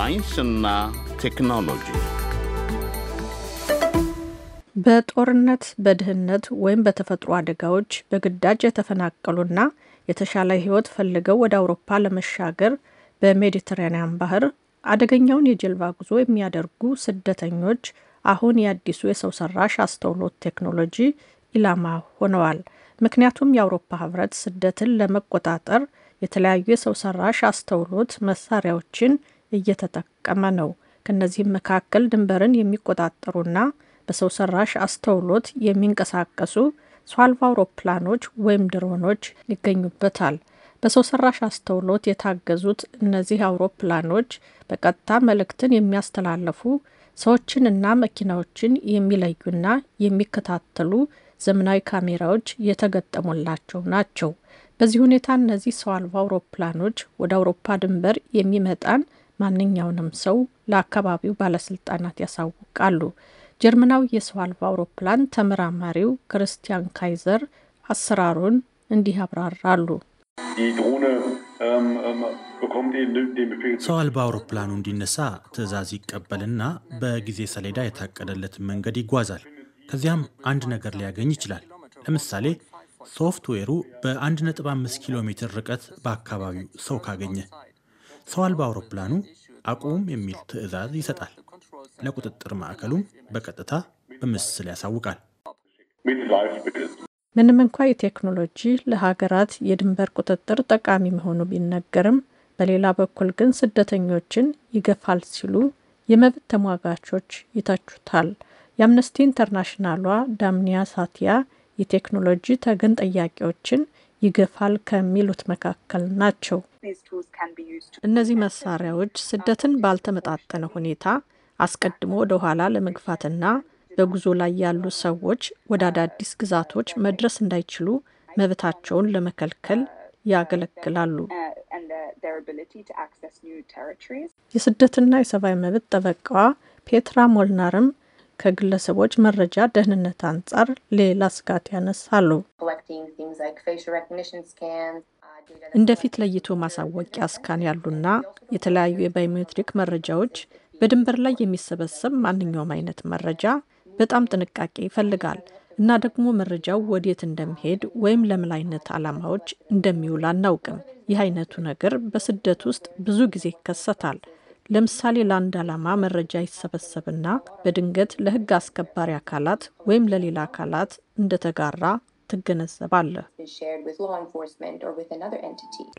ሳይንስና ቴክኖሎጂ በጦርነት፣ በድህነት ወይም በተፈጥሮ አደጋዎች በግዳጅ የተፈናቀሉና የተሻለ ህይወት ፈልገው ወደ አውሮፓ ለመሻገር በሜዲትራኒያን ባህር አደገኛውን የጀልባ ጉዞ የሚያደርጉ ስደተኞች አሁን የአዲሱ የሰው ሰራሽ አስተውሎት ቴክኖሎጂ ኢላማ ሆነዋል። ምክንያቱም የአውሮፓ ህብረት ስደትን ለመቆጣጠር የተለያዩ የሰው ሰራሽ አስተውሎት መሳሪያዎችን እየተጠቀመ ነው። ከእነዚህም መካከል ድንበርን የሚቆጣጠሩና በሰው ሰራሽ አስተውሎት የሚንቀሳቀሱ ሰው አልባ አውሮፕላኖች ወይም ድሮኖች ይገኙበታል። በሰው ሰራሽ አስተውሎት የታገዙት እነዚህ አውሮፕላኖች በቀጥታ መልእክትን የሚያስተላልፉ ሰዎችንና መኪናዎችን የሚለዩና የሚከታተሉ ዘመናዊ ካሜራዎች የተገጠሙላቸው ናቸው። በዚህ ሁኔታ እነዚህ ሰው አልባ አውሮፕላኖች ወደ አውሮፓ ድንበር የሚመጣን ማንኛውንም ሰው ለአካባቢው ባለስልጣናት ያሳውቃሉ። ጀርመናዊ የሰው አልባ አውሮፕላን ተመራማሪው ክርስቲያን ካይዘር አሰራሩን እንዲህ ያብራራሉ። ähm, ähm, ሰው አልባ አውሮፕላኑ እንዲነሳ ትዕዛዝ ይቀበልና በጊዜ ሰሌዳ የታቀደለትን መንገድ ይጓዛል። ከዚያም አንድ ነገር ሊያገኝ ይችላል። ለምሳሌ ሶፍትዌሩ በ1.5 ኪሎ ሜትር ርቀት በአካባቢው ሰው ካገኘ ሰው አልባ አውሮፕላኑ አቁም የሚል ትዕዛዝ ይሰጣል። ለቁጥጥር ማዕከሉም በቀጥታ በምስል ያሳውቃል። ምንም እንኳ የቴክኖሎጂ ለሀገራት የድንበር ቁጥጥር ጠቃሚ መሆኑ ቢነገርም በሌላ በኩል ግን ስደተኞችን ይገፋል ሲሉ የመብት ተሟጋቾች ይተቹታል። የአምነስቲ ኢንተርናሽናሏ ዳምኒያ ሳቲያ የቴክኖሎጂ ተገን ጠያቂዎችን ይገፋል ከሚሉት መካከል ናቸው። እነዚህ መሳሪያዎች ስደትን ባልተመጣጠነ ሁኔታ አስቀድሞ ወደ ኋላ ለመግፋትና በጉዞ ላይ ያሉ ሰዎች ወደ አዳዲስ ግዛቶች መድረስ እንዳይችሉ መብታቸውን ለመከልከል ያገለግላሉ። የስደትና የሰብአዊ መብት ጠበቃዋ ፔትራ ሞልናርም ከግለሰቦች መረጃ ደህንነት አንጻር ሌላ ስጋት ያነሳሉ። uh, እንደፊት ለይቶ ማሳወቂያ ስካን ያሉና የተለያዩ የባዮሜትሪክ መረጃዎች፣ በድንበር ላይ የሚሰበሰብ ማንኛውም አይነት መረጃ በጣም ጥንቃቄ ይፈልጋል እና ደግሞ መረጃው ወዴት እንደሚሄድ ወይም ለምን አይነት ዓላማዎች እንደሚውል አናውቅም። ይህ አይነቱ ነገር በስደት ውስጥ ብዙ ጊዜ ይከሰታል። ለምሳሌ ለአንድ ዓላማ መረጃ ይሰበሰብና በድንገት ለሕግ አስከባሪ አካላት ወይም ለሌላ አካላት እንደተጋራ ትገነዘባለህ።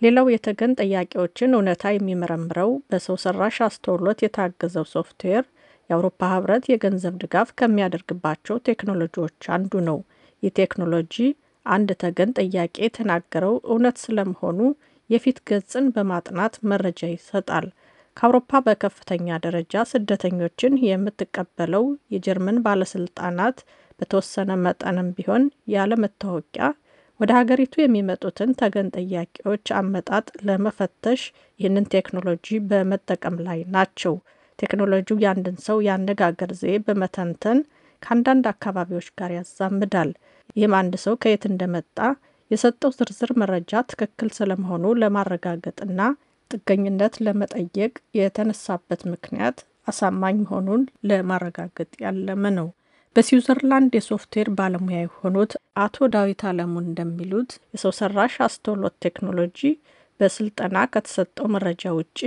ሌላው የተገን ጥያቄዎችን እውነታ የሚመረምረው በሰው ሰራሽ አስተውሎት የታገዘው ሶፍትዌር የአውሮፓ ህብረት የገንዘብ ድጋፍ ከሚያደርግባቸው ቴክኖሎጂዎች አንዱ ነው። ይህ ቴክኖሎጂ አንድ ተገን ጥያቄ የተናገረው እውነት ስለመሆኑ የፊት ገጽን በማጥናት መረጃ ይሰጣል። ከአውሮፓ በከፍተኛ ደረጃ ስደተኞችን የምትቀበለው የጀርመን ባለስልጣናት በተወሰነ መጠንም ቢሆን ያለመታወቂያ ወደ ሀገሪቱ የሚመጡትን ተገን ጠያቂዎች አመጣጥ ለመፈተሽ ይህንን ቴክኖሎጂ በመጠቀም ላይ ናቸው። ቴክኖሎጂው የአንድን ሰው የአነጋገር ዜ በመተንተን ከአንዳንድ አካባቢዎች ጋር ያዛምዳል። ይህም አንድ ሰው ከየት እንደመጣ የሰጠው ዝርዝር መረጃ ትክክል ስለመሆኑ ለማረጋገጥና ጥገኝነት ለመጠየቅ የተነሳበት ምክንያት አሳማኝ መሆኑን ለማረጋገጥ ያለመ ነው። በስዊዘርላንድ የሶፍትዌር ባለሙያ የሆኑት አቶ ዳዊት አለሙ እንደሚሉት የሰው ሰራሽ አስተውሎት ቴክኖሎጂ በስልጠና ከተሰጠው መረጃ ውጭ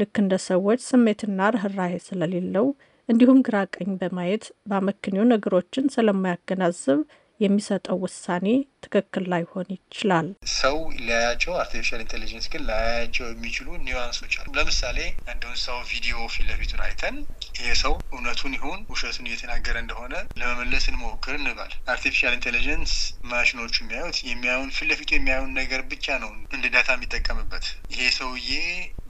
ልክ እንደ ሰዎች ስሜትና ርኅራሄ ስለሌለው እንዲሁም ግራ ቀኝ በማየት በአመክንዮ ነገሮችን ስለማያገናዝብ የሚሰጠው ውሳኔ ትክክል ላይሆን ይችላል። ሰው ሊያያቸው አርቲፊሻል ኢንቴሊጀንስ ግን ላያያቸው የሚችሉ ኒዋንሶች አሉ። ለምሳሌ እንደውን ሰው ቪዲዮ ፊት ለፊቱን አይተን ይሄ ሰው እውነቱን ይሁን ውሸቱን እየተናገረ እንደሆነ ለመመለስ እንሞክር እንባል። አርቲፊሻል ኢንቴሊጀንስ ማሽኖቹ የሚያዩት የሚያዩን ፊት ለፊቱ የሚያዩን ነገር ብቻ ነው እንደ ዳታ የሚጠቀምበት። ይሄ ሰውዬ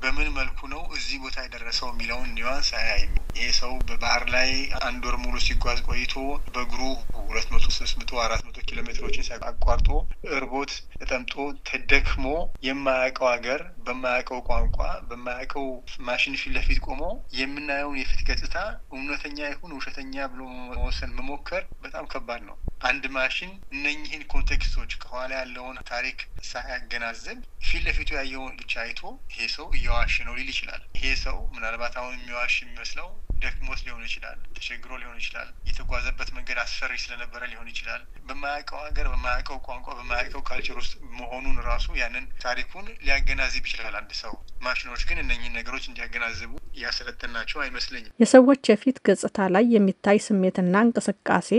በምን መልኩ ነው እዚህ ቦታ የደረሰው የሚለውን ኒዋንስ አያይም። ይሄ ሰው በባህር ላይ አንድ ወር ሙሉ ሲጓዝ ቆይቶ በእግሩ ሁለት መቶ ሶስት መቶ አራት መቶ ኪሎ ሜትሮችን ሲያቋ አቋርጦ እርቦት ተጠምጦ ተደክሞ የማያውቀው ሀገር በማያውቀው ቋንቋ በማያውቀው ማሽን ፊት ለፊት ቆሞ የምናየውን የፊት ገጽታ እውነተኛ ይሁን ውሸተኛ ብሎ መወሰን መሞከር በጣም ከባድ ነው። አንድ ማሽን እነኝህን ኮንቴክስቶች ከኋላ ያለውን ታሪክ ሳያገናዘብ ፊት ለፊቱ ያየውን ብቻ አይቶ ይሄ ሰው እየዋሽ ነው ሊል ይችላል። ይሄ ሰው ምናልባት አሁን የሚዋሽ የሚመስለው ደክሞት ሊሆን ይችላል፣ ተቸግሮ ሊሆን ይችላል፣ የተጓዘበት መንገድ አስፈሪ ስለነበረ ሊሆን ይችላል። በማያውቀው ሀገር፣ በማያውቀው ቋንቋ፣ በማያውቀው ካልቸር ውስጥ መሆኑን ራሱ ያንን ታሪኩን ሊያገናዝብ ይችላል አንድ ሰው። ማሽኖች ግን እነኝህን ነገሮች እንዲያገናዝቡ እያሰለጠናቸው አይመስለኝም። የሰዎች የፊት ገጽታ ላይ የሚታይ ስሜትና እንቅስቃሴ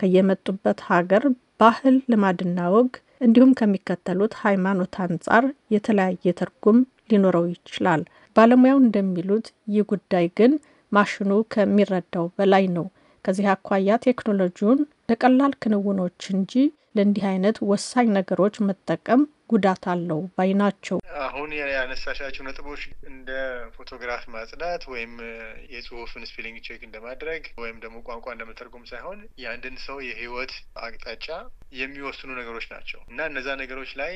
ከየመጡበት ሀገር ባህል፣ ልማድና ወግ እንዲሁም ከሚከተሉት ሃይማኖት አንጻር የተለያየ ትርጉም ሊኖረው ይችላል። ባለሙያው እንደሚሉት ይህ ጉዳይ ግን ማሽኑ ከሚረዳው በላይ ነው። ከዚህ አኳያ ቴክኖሎጂውን ለቀላል ክንውኖች እንጂ ለእንዲህ አይነት ወሳኝ ነገሮች መጠቀም ጉዳት አለው ባይ ናቸው። አሁን ያነሳሻቸው ነጥቦች እንደ ፎቶግራፍ ማጽዳት ወይም የጽሁፍን ስፔሊንግ ቼክ እንደማድረግ ወይም ደግሞ ቋንቋ እንደመተርጎም ሳይሆን የአንድን ሰው የህይወት አቅጣጫ የሚወስኑ ነገሮች ናቸው እና እነዛ ነገሮች ላይ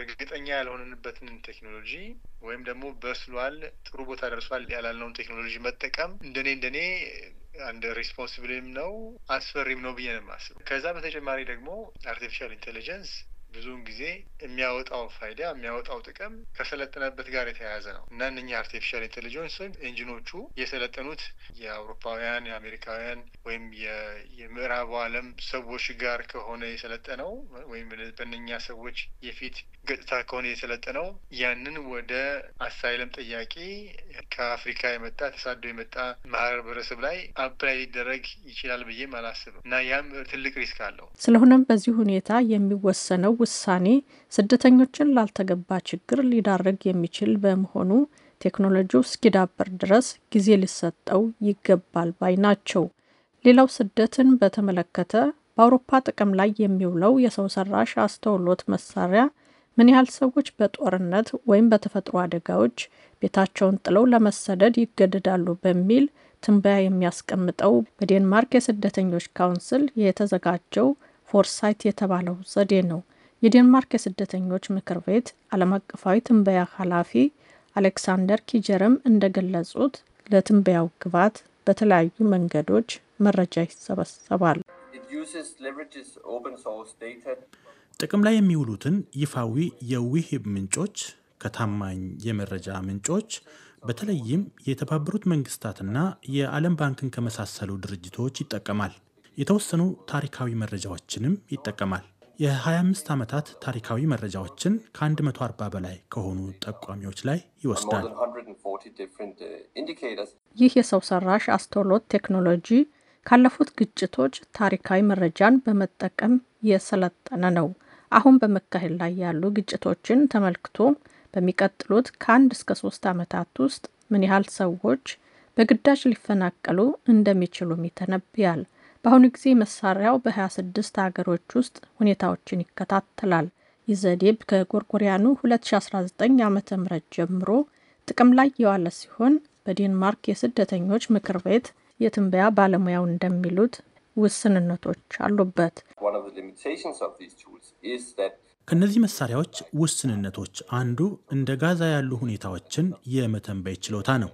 እርግጠኛ ያልሆንንበትን ቴክኖሎጂ ወይም ደግሞ በስሏል፣ ጥሩ ቦታ ደርሷል ያላልነውን ቴክኖሎጂ መጠቀም እንደኔ እንደኔ አንድ ሪስፖንስብልም ነው አስፈሪም ነው ብዬ ነው የማስበው። ከዛ በተጨማሪ ደግሞ አርቲፊሻል ኢንቴሊጀንስ ብዙውን ጊዜ የሚያወጣው ፋይዳ የሚያወጣው ጥቅም ከሰለጠነበት ጋር የተያያዘ ነው እና እነኛ አርቲፊሻል ኢንቴሊጀንስ ኢንጂኖቹ የሰለጠኑት የአውሮፓውያን የአሜሪካውያን ወይም የምዕራቡ ዓለም ሰዎች ጋር ከሆነ የሰለጠነው ወይም በነኛ ሰዎች የፊት ገጽታ ከሆነ የሰለጠነው ያንን ወደ አሳይለም ጥያቄ ከአፍሪካ የመጣ ተሳዶ የመጣ ማህበረሰብ ላይ አፕላይ ሊደረግ ይችላል ብዬም አላስብም እና ያም ትልቅ ሪስክ አለው። ስለሆነም በዚህ ሁኔታ የሚወሰነው ውሳኔ ስደተኞችን ላልተገባ ችግር ሊዳረግ የሚችል በመሆኑ ቴክኖሎጂው እስኪዳበር ድረስ ጊዜ ሊሰጠው ይገባል ባይ ናቸው። ሌላው ስደትን በተመለከተ በአውሮፓ ጥቅም ላይ የሚውለው የሰው ሰራሽ አስተውሎት መሳሪያ ምን ያህል ሰዎች በጦርነት ወይም በተፈጥሮ አደጋዎች ቤታቸውን ጥለው ለመሰደድ ይገደዳሉ በሚል ትንበያ የሚያስቀምጠው በዴንማርክ የስደተኞች ካውንስል የተዘጋጀው ፎርሳይት የተባለው ዘዴ ነው። የዴንማርክ የስደተኞች ምክር ቤት ዓለም አቀፋዊ ትንበያ ኃላፊ አሌክሳንደር ኪጀርም እንደገለጹት ለትንበያው ግብዓት በተለያዩ መንገዶች መረጃ ይሰበሰባል። ጥቅም ላይ የሚውሉትን ይፋዊ የዊሂብ ምንጮች ከታማኝ የመረጃ ምንጮች በተለይም የተባበሩት መንግስታትና የዓለም ባንክን ከመሳሰሉ ድርጅቶች ይጠቀማል። የተወሰኑ ታሪካዊ መረጃዎችንም ይጠቀማል። የ25 ዓመታት ታሪካዊ መረጃዎችን ከ140 በላይ ከሆኑ ጠቋሚዎች ላይ ይወስዳል። ይህ የሰው ሰራሽ አስተውሎት ቴክኖሎጂ ካለፉት ግጭቶች ታሪካዊ መረጃን በመጠቀም የሰለጠነ ነው። አሁን በመካሄድ ላይ ያሉ ግጭቶችን ተመልክቶ በሚቀጥሉት ከአንድ እስከ ሶስት ዓመታት ውስጥ ምን ያህል ሰዎች በግዳጅ ሊፈናቀሉ እንደሚችሉም ይተነብያል። በአሁኑ ጊዜ መሳሪያው በ26 ሀገሮች ውስጥ ሁኔታዎችን ይከታተላል። ይህ ዘዴ ከጎርጎሪያኑ 2019 ዓ ም ጀምሮ ጥቅም ላይ የዋለ ሲሆን በዴንማርክ የስደተኞች ምክር ቤት የትንበያ ባለሙያው እንደሚሉት ውስንነቶች አሉበት። ከእነዚህ መሳሪያዎች ውስንነቶች አንዱ እንደ ጋዛ ያሉ ሁኔታዎችን የመተንበይ ችሎታ ነው።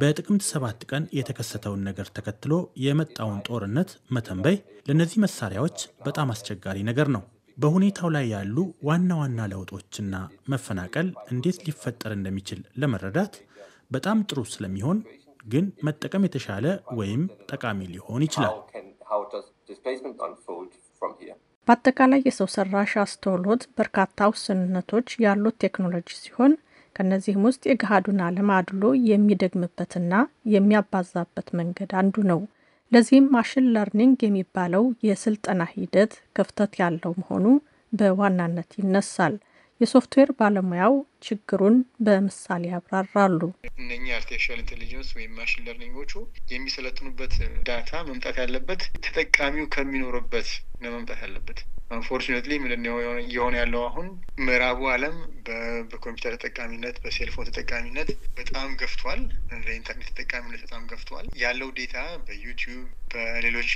በጥቅምት ሰባት ቀን የተከሰተውን ነገር ተከትሎ የመጣውን ጦርነት መተንበይ ለእነዚህ መሳሪያዎች በጣም አስቸጋሪ ነገር ነው። በሁኔታው ላይ ያሉ ዋና ዋና ለውጦችና መፈናቀል እንዴት ሊፈጠር እንደሚችል ለመረዳት በጣም ጥሩ ስለሚሆን ግን መጠቀም የተሻለ ወይም ጠቃሚ ሊሆን ይችላል። በአጠቃላይ የሰው ሰራሽ አስተውሎት በርካታ ውስንነቶች ያሉት ቴክኖሎጂ ሲሆን ከእነዚህም ውስጥ የገሃዱን ዓለም አድሎ የሚደግምበትና የሚያባዛበት መንገድ አንዱ ነው። ለዚህም ማሽን ለርኒንግ የሚባለው የስልጠና ሂደት ክፍተት ያለው መሆኑ በዋናነት ይነሳል። የሶፍትዌር ባለሙያው ችግሩን በምሳሌ ያብራራሉ። እነኛ አርቲፊሻል ኢንቴሊጀንስ ወይም ማሽን ለርኒንጎቹ የሚሰለጥኑበት ዳታ መምጣት ያለበት ተጠቃሚው ከሚኖርበት ነው መምጣት ያለበት አንፎርቹኔትሊ ምንድን እየሆነ ያለው አሁን ምዕራቡ ዓለም በኮምፒውተር ተጠቃሚነት በሴልፎን ተጠቃሚነት በጣም ገፍቷል። ኢንተርኔት ተጠቃሚነት በጣም ተሰርቷል። ያለው ዴታ በዩቲዩብ በሌሎች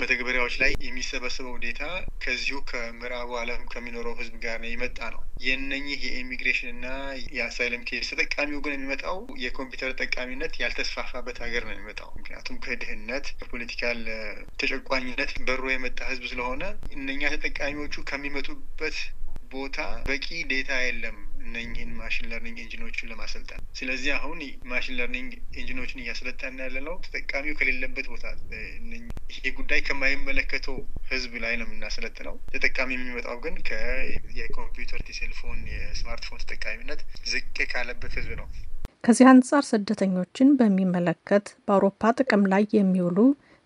መተግበሪያዎች ላይ የሚሰበሰበው ዴታ ከዚሁ ከምዕራቡ ዓለም ከሚኖረው ህዝብ ጋር የመጣ ነው። የነኚህ የኢሚግሬሽን እና የአሳይለም ኬስ ተጠቃሚው ግን የሚመጣው የኮምፒውተር ተጠቃሚነት ያልተስፋፋበት ሀገር ነው የሚመጣው። ምክንያቱም ከድህነት ከፖለቲካል ተጨቋኝነት በሮ የመጣ ህዝብ ስለሆነ እነኛ ተጠቃሚዎቹ ከሚመጡበት ቦታ በቂ ዴታ የለም። እነኝህን ማሽን ለርኒንግ ኢንጂኖችን ለማሰልጠን። ስለዚህ አሁን ማሽን ለርኒንግ ኢንጂኖችን እያሰለጠን ያለ ነው ተጠቃሚው ከሌለበት ቦታ ይሄ ጉዳይ ከማይመለከተው ህዝብ ላይ ነው የምናሰለጥነው። ተጠቃሚ የሚመጣው ግን የኮምፒውተር የሴልፎን፣ የስማርትፎን ተጠቃሚነት ዝቅ ካለበት ህዝብ ነው። ከዚህ አንጻር ስደተኞችን በሚመለከት በአውሮፓ ጥቅም ላይ የሚውሉ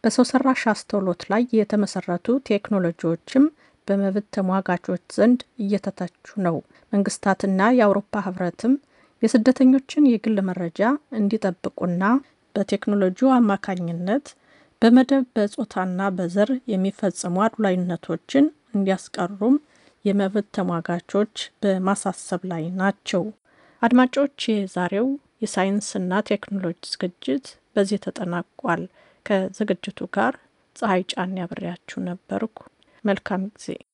በሰው ሰራሽ አስተውሎት ላይ የተመሰረቱ ቴክኖሎጂዎችም በመብት ተሟጋቾች ዘንድ እየተተቹ ነው። መንግስታትና የአውሮፓ ህብረትም የስደተኞችን የግል መረጃ እንዲጠብቁና በቴክኖሎጂው አማካኝነት በመደብ በጾታና በዘር የሚፈጸሙ አድሏዊነቶችን እንዲያስቀሩም የመብት ተሟጋቾች በማሳሰብ ላይ ናቸው። አድማጮች፣ የዛሬው የሳይንስና ቴክኖሎጂ ዝግጅት በዚህ ተጠናቋል። ከዝግጅቱ ጋር ፀሐይ ጫን ያብሬያችሁ ነበርኩ። Malcolm C.